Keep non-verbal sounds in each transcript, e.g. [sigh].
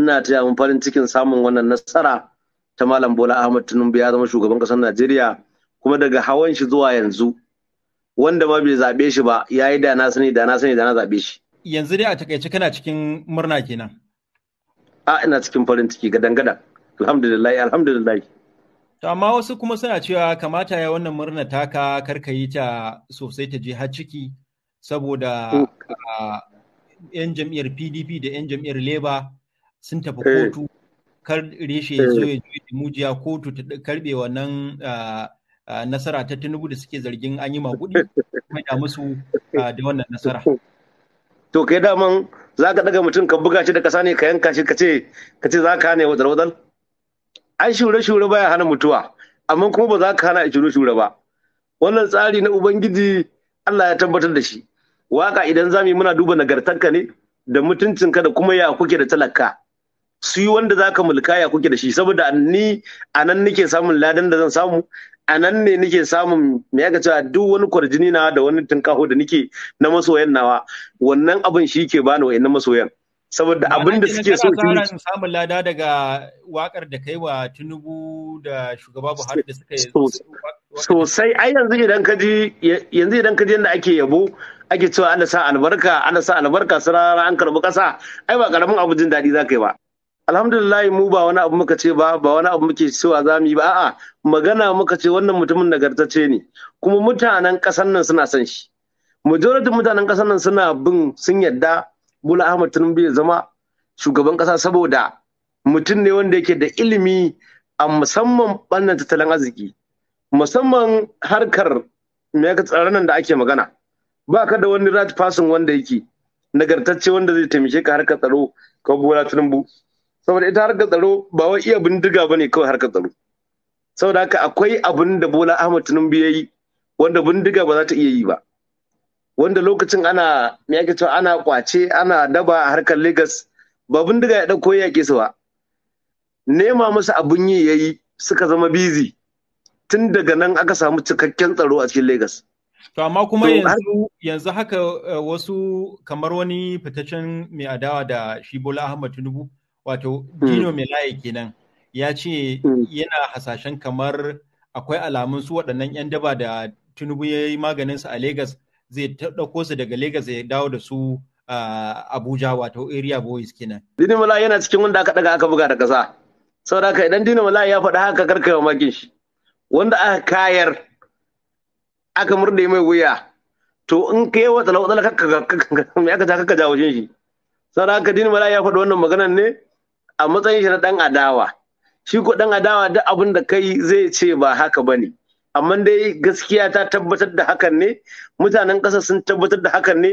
ina taya mun farin cikin samun wannan nasara ta malam bola ahmad tinubu ya zama shugaban kasar najeriya kuma daga hawan shi zuwa yanzu wanda ma bai zaɓe shi ba ya yi da na sani da na sani da na zaɓe shi yanzu dai a takaice kana cikin murna kenan a ina cikin farin ciki gadan gadan alhamdulillah alhamdulillah to amma wasu kuma suna cewa kamata ya wannan murna taka karka yi ta sosai ta je har ciki saboda mm. yan jam'iyyar PDP da yan jam'iyyar Labour sun tafi eh. kotu kar reshe ya zo eh. ya juye mujiya kotu ta karbe wannan nasara ta tinubu da suke zargin an yi maguɗi kuma [laughs] da musu da wannan nasara. [laughs] To kai daman za ka daga mutum ka buga shi da kasa ne ka yanka shi ka ce ka ce za ka hana wadar wadar? Ai shure shure baya hana mutuwa amma kuma ba za ka hana a shure shure ba. Wannan tsari na Ubangiji Allah ya tabbatar da shi. Waka idan za mu yi muna duba nagartanka ne da mutuncinka da kuma ya kuke da talaka. su yi wanda za ka mulka ya kuke da shi saboda ni a nan nake samun ladan da zan samu a nan ne nake samun me aka cewa duk wani kwarjini na da wani tunkaho da nake na masoyan nawa wannan abin shi ke bani ina masoyan saboda abin da suke so ki samun lada daga wakar da kai wa Tinubu da shugaba Buhari da suka yi sosai ai yanzu idan ka ji yanzu idan ka ji yanda ake yabo ake cewa ana sa albarka ana sa albarka sarara an karbi kasa ai ba karamin abu jin daɗi zaka yi ba alhamdulillah mu ba wani abu muka ce ba ba wani abu muke cewa za mu yi ba a'a magana muka ce wannan mutumin nagartacce ne kuma mutanen ƙasar nan suna son shi majority mutanen ƙasar nan suna bin sun yadda Bola Ahmad Tinubu ya zama shugaban ƙasa saboda mutum ne wanda yake da ilimi a musamman ɓannan tattalin arziki musamman harkar me tsaron nan da ake magana ba ka da wani right person wanda yake nagartacce wanda zai taimake ka harkar tsaro ka Bola Tinubu saboda ita harkar tsaro ba wai iya bindiga bane kawai harkar tsaro saboda haka akwai abin da Bola Ahmad Tinubu ya yi wanda bindiga ba za ta iya yi ba wanda lokacin ana me yake cewa ana kwace ana daba a harkar Lagos ba bindiga ya dauko yake su ba nema masa abin yi yayi suka zama busy tun daga nan aka samu cikakken tsaro a cikin Lagos To amma kuma yanzu yanzu haka eh, wasu kamar wani fitaccen mai adawa da shi Bola Ahmad Tinubu wato hmm. Gino Melaye kenan ya ce hmm. yana hasashen kamar akwai alamun su waɗannan 'yan daba da Tinubu ya yi a Legas zai ɗauko su daga Legas ya dawo da su Abuja wato area boys kenan. Dino Melaye yana cikin wanda aka daga aka buga da ƙasa. Saboda idan Dino Melaye ya faɗa haka karka makin shi. Wanda aka kayar aka murde mai wuya to in ka yi wata lautsala kakka me aka ja kakka jawo shi. Saboda haka Dino Melaye ya faɗi wannan maganar ne a matsayin shi na dan adawa shi ko dan adawa duk abin da kai zai ce ba haka bane amma dai gaskiya ta tabbatar da hakan ne mutanen ƙasa sun tabbatar da hakan ne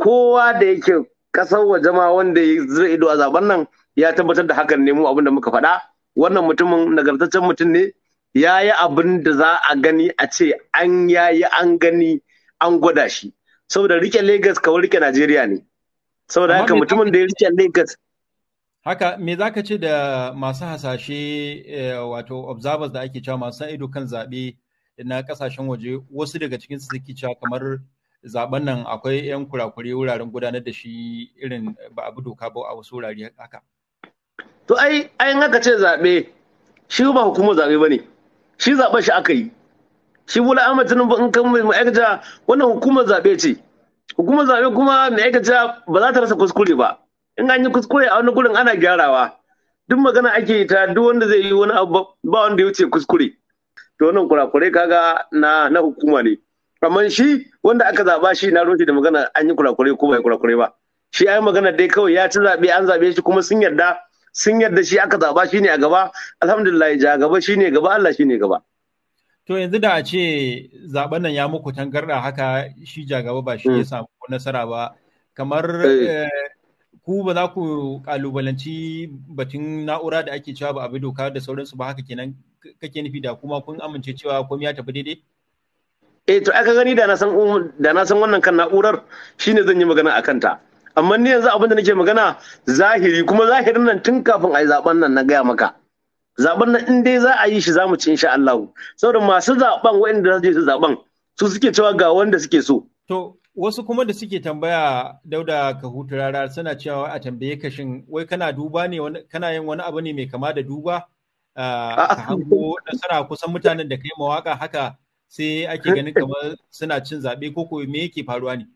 kowa da yake ƙasar waje ma wanda zai ido a zaben nan ya tabbatar da hakan ne mu abin da muka faɗa wannan mutumin nagartaccen mutum ne ya yi abin da za a gani a ce an yayi an gani an gwada shi saboda rike Legas kawai rike Najeriya ne saboda haka mutumin da ya rike Legas Haka me za ka ce da masu hasashe eh, wato observers da ake cewa masu ido kan zaɓe na ƙasashen waje wasu daga cikin su suke cewa kamar zaben nan akwai 'yan kurakure wuraren gudanar da shi irin ba abu doka ba a wasu wurare haka. To ai ai haka ce zaɓe shi ba hukumar zaɓe ba ne shi zaɓen shi aka yi shi bula amatin in kan ma'aikata wannan hukumar zaɓe ce hukumar zaɓe kuma ma'aikata ba za ta rasa kuskure ba in an yi kuskure a wani gurin ana gyarawa duk magana ake yi ta duk wanda zai yi wani abu ba wanda ya wuce kuskure to wannan kurakurai kaga na na hukuma ne amma shi wanda aka zaba shi na roshi da magana an yi kurakurai ko bai kurakurai ba shi ai magana dai kawai ya ci zabe an zabe shi kuma sun yarda sun yarda shi aka zaba shi ne a gaba alhamdulillah ja gaba shi ne gaba Allah shi ne gaba to yanzu da a ce zaben nan ya muku tangarda haka shi ja gaba ba shi ya mm. samu nasara ba kamar eh. Eh, ku ba za ku kalubalanci batun na'ura da ake cewa ba abu doka da sauransu ba haka kenan kake nufi da kuma kun amince cewa komai ya tafi daidai eh to aka gani um, da na san wannan kan na'urar shine zan yi magana a kanta, amma ni yanzu abin da nake magana zahiri kuma zahirin nan tun kafin a yi zaben nan na gaya maka zaben nan in dai za a yi shi za mu ci insha Allah saboda masu zaben waɗanda za su je su zaben su suke cewa ga wanda suke so to wasu kuma da suke tambaya dauda ka hutu rara suna cewa a tambaye ka shin wai kana duba ne kana yin wani abu ne mai kama da duba ka hango nasara kusan mutanen da kai mawaka haka sai ake ganin kamar suna cin zaɓe ko ko me yake faruwa ne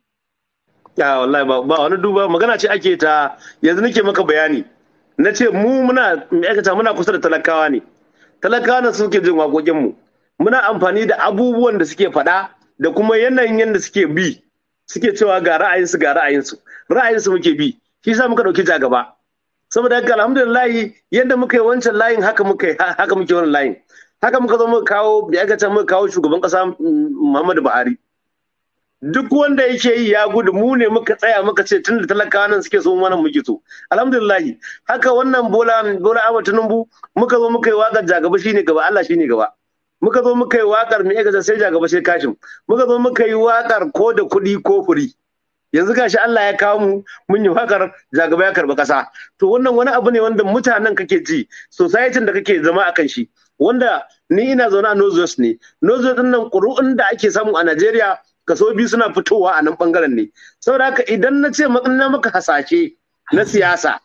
ya wallahi ba wani duba magana ce ake ta yanzu nake maka bayani na ce mu muna aikata muna kusa da talakawa ne talakawa ne suke jin waƙoƙin mu muna amfani da abubuwan da suke faɗa da kuma yanayin yadda suke bi suke cewa ga ra'ayinsu ga ra'ayinsu ra'ayinsu muke bi shi sa muka ɗauki ja gaba saboda haka alhamdulillah yadda muka yi wancan layin haka muka haka muke wannan layin haka muka zo muka kawo aka ce muka kawo shugaban kasa mm, Muhammadu Buhari duk wanda yake yi ya gudu mu ne muka tsaya muka ce tunda talakawa nan suke so nan muke so alhamdulillah haka wannan bola bola Ahmad Tinubu muka zo muka yi wagar jagaba shine gaba Allah shine gaba muka zo muka yi wakar me sai jaga sai kashin muka zo muka yi wakar ko da kuɗi ko furi yanzu gashi Allah ya kawo mu mun yi wakar jagaba ya karba kasa to wannan wani abu ne wanda mutanen kake ji society da kake zama akan shi wanda ni ina zaune a Northwest ne Northwest din nan ƙuru'un da ake samu a Najeriya kaso biyu suna fitowa a nan bangaren ne saboda haka idan na ce na maka hasashe na siyasa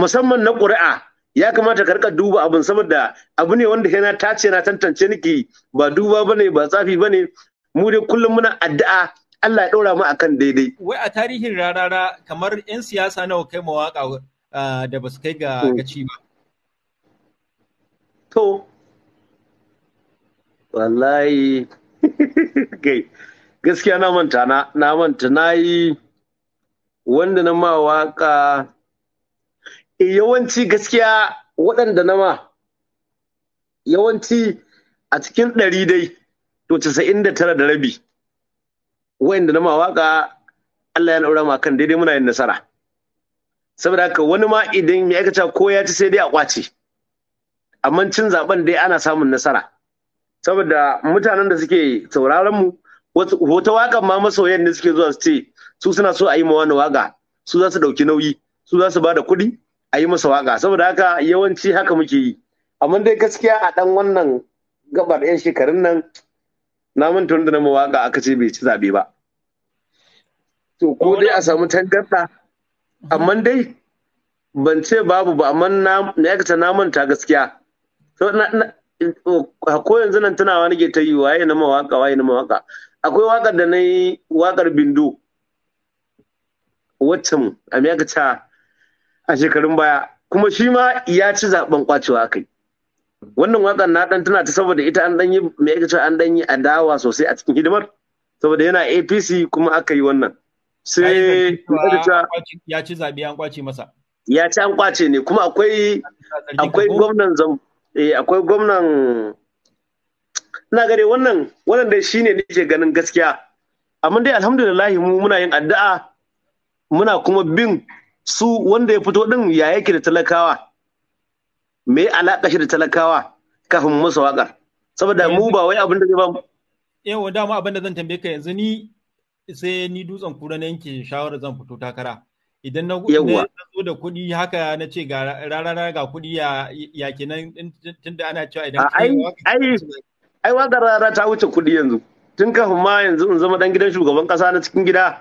musamman na ƙuri'a ya kamata ka rika duba abin saboda abu ne wanda yana tace na tantance niki ba duba bane ba tsafi bane mu dai kullum muna addu'a Allah ya ɗora mu akan daidai. Wai a tarihin rarara kamar 'yan siyasa nawa kai mawaƙa da ba su kai ga gaci ba. To, wallahi [laughs] kai gaskiya na manta na manta na yi wanda na mawaƙa Eh, yawanci gaskiya waɗanda na ma yawanci a cikin ɗari dai to casa'in da tara da rabi wayanda na ma waka Allah ya naura ma kan daidai muna yin nasara saboda haka wani ma idan ya aikata ko ya ci sai dai a kwace amma cin zaben dai ana samun nasara saboda mutanen da suke sauraron mu wata wakan ma masoyan ne suke zuwa su ce su suna so a yi ma wani waka su za su ɗauki nauyi su za su ba da kuɗi a yi masa waka saboda haka yawanci haka muke yi amma dai gaskiya a dan wannan gabar yan shekarun nan na manta da na mawaka aka ce bai ci zabe ba to ko dai a samu tangarda amma dai ban ce babu ba amma na ta na manta gaskiya ko yanzu nan tunawa nake ta yi waye na mawaka waye na mawaka akwai wakar da na yi wakar bindo waccan a aka ta a shekarun baya kuma shi ma ya ci zaben kwacewa kai wannan wakan na dan tana ta saboda ita an dan yi me yake cewa an dan yi adawa sosai a cikin hidimar saboda yana APC kuma aka yi wannan sai ya ci zabi an kwace masa ya ci an kwace ne kuma akwai akwai gwamnan zam eh akwai gwamnan ina gare wannan wannan dai shine nake ganin gaskiya amma dai alhamdulillah mu muna yin addu'a muna kuma bin su wanda ya fito din ya yake da talakawa me alaƙa shi da talakawa kafin musu waƙar saboda mu ba wai abin da zai ba yawa dama abin da zan tambaye ka yanzu ni sai ni dutsen kura na yanke shawarar zan fito takara idan na zo da kuɗi haka na ce ga rarara ga kuɗi ya ya kenan tunda ana cewa idan ai ai ai wa rara ta wuce kuɗi yanzu tun kafin ma yanzu in zama dan gidan shugaban ƙasa na cikin gida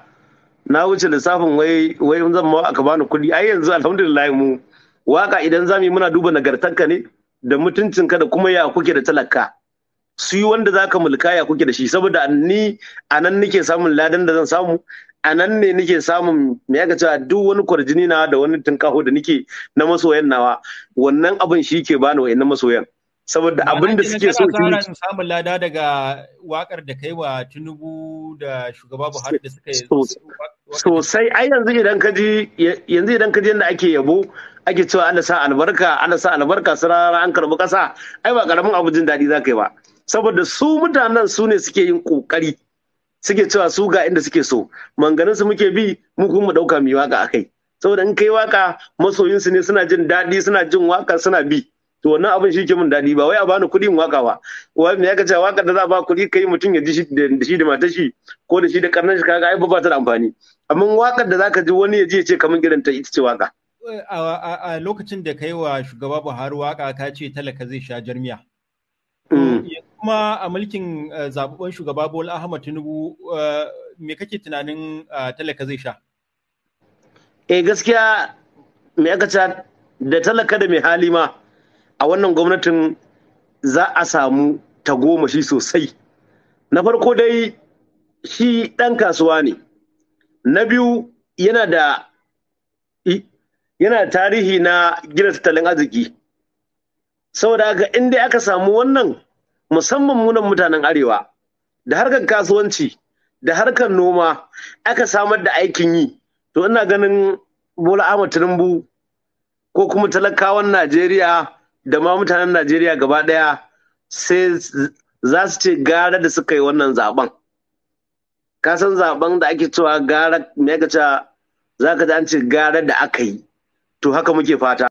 na wuce lissafin wai wai in zan ma aka bani kuɗi ai yanzu alhamdulillah mu waka idan zamu yi muna duba nagartanka ne da mutuncinka da kuma ya kuke da talaka su yi wanda zaka mulka ya kuke da shi saboda ni a nan nake samun ladan da zan samu a nan ne nake samun me ya cewa duk wani kwarjini na da wani tunkaho da nake na masoyan nawa wannan abin shi ke bani na masoyan saboda abin da suke so ki samun lada daga wakar da kai wa Tinubu da shugaba Buhari da suka yi sosai ai yanzu idan ka ji yanzu idan ka ji yadda ake yabo ake cewa ana sa albarka ana sa albarka sarara an karbi kasa ai ba karamin abu jin daɗi za ka yi ba saboda su mutanen su ne suke yin kokari suke cewa su ga inda suke so manganin su muke bi mu kuma mu dauka mu waka akai saboda in kai waka masoyin su ne suna jin daɗi suna jin waka suna bi to wannan abin shi ke mun daɗi ba wai a bani kuɗi in waka ba wai me yaka ce waka da za a ba kuɗi kai mutum ya ji shi da shi da matar shi ko da shi da karnan shi kaga ai ba ta da amfani amma wakar da zaka ji wani ya ji ya ce kamar irin ta ita ce waka a lokacin da kai wa shugaba Buhari waka ka ce talaka zai sha jarmiya mm. kuma a mulkin eh, zababban shugaba Bola Ahmad Tinubu eh, me kake tunanin eh, talaka zai sha eh gaskiya me aka ce da talaka da mai hali ma a wannan gwamnatin za a samu tagomashi sosai na farko dai shi ɗan kasuwa ne na biyu yana da yana tarihi na gina tattalin arziki saboda haka inda aka samu wannan musamman munan mutanen arewa da harkar kasuwanci da harkar noma aka samar da aikin yi to ina ganin bola ahmad tinubu ko kuma talakawan najeriya da ma mutanen Najeriya gaba ɗaya sai za su ce gara da suka yi wannan zaben. Ka san zaben da ake cewa gara me ka cewa za ka an ce gara da aka yi. To haka muke fata.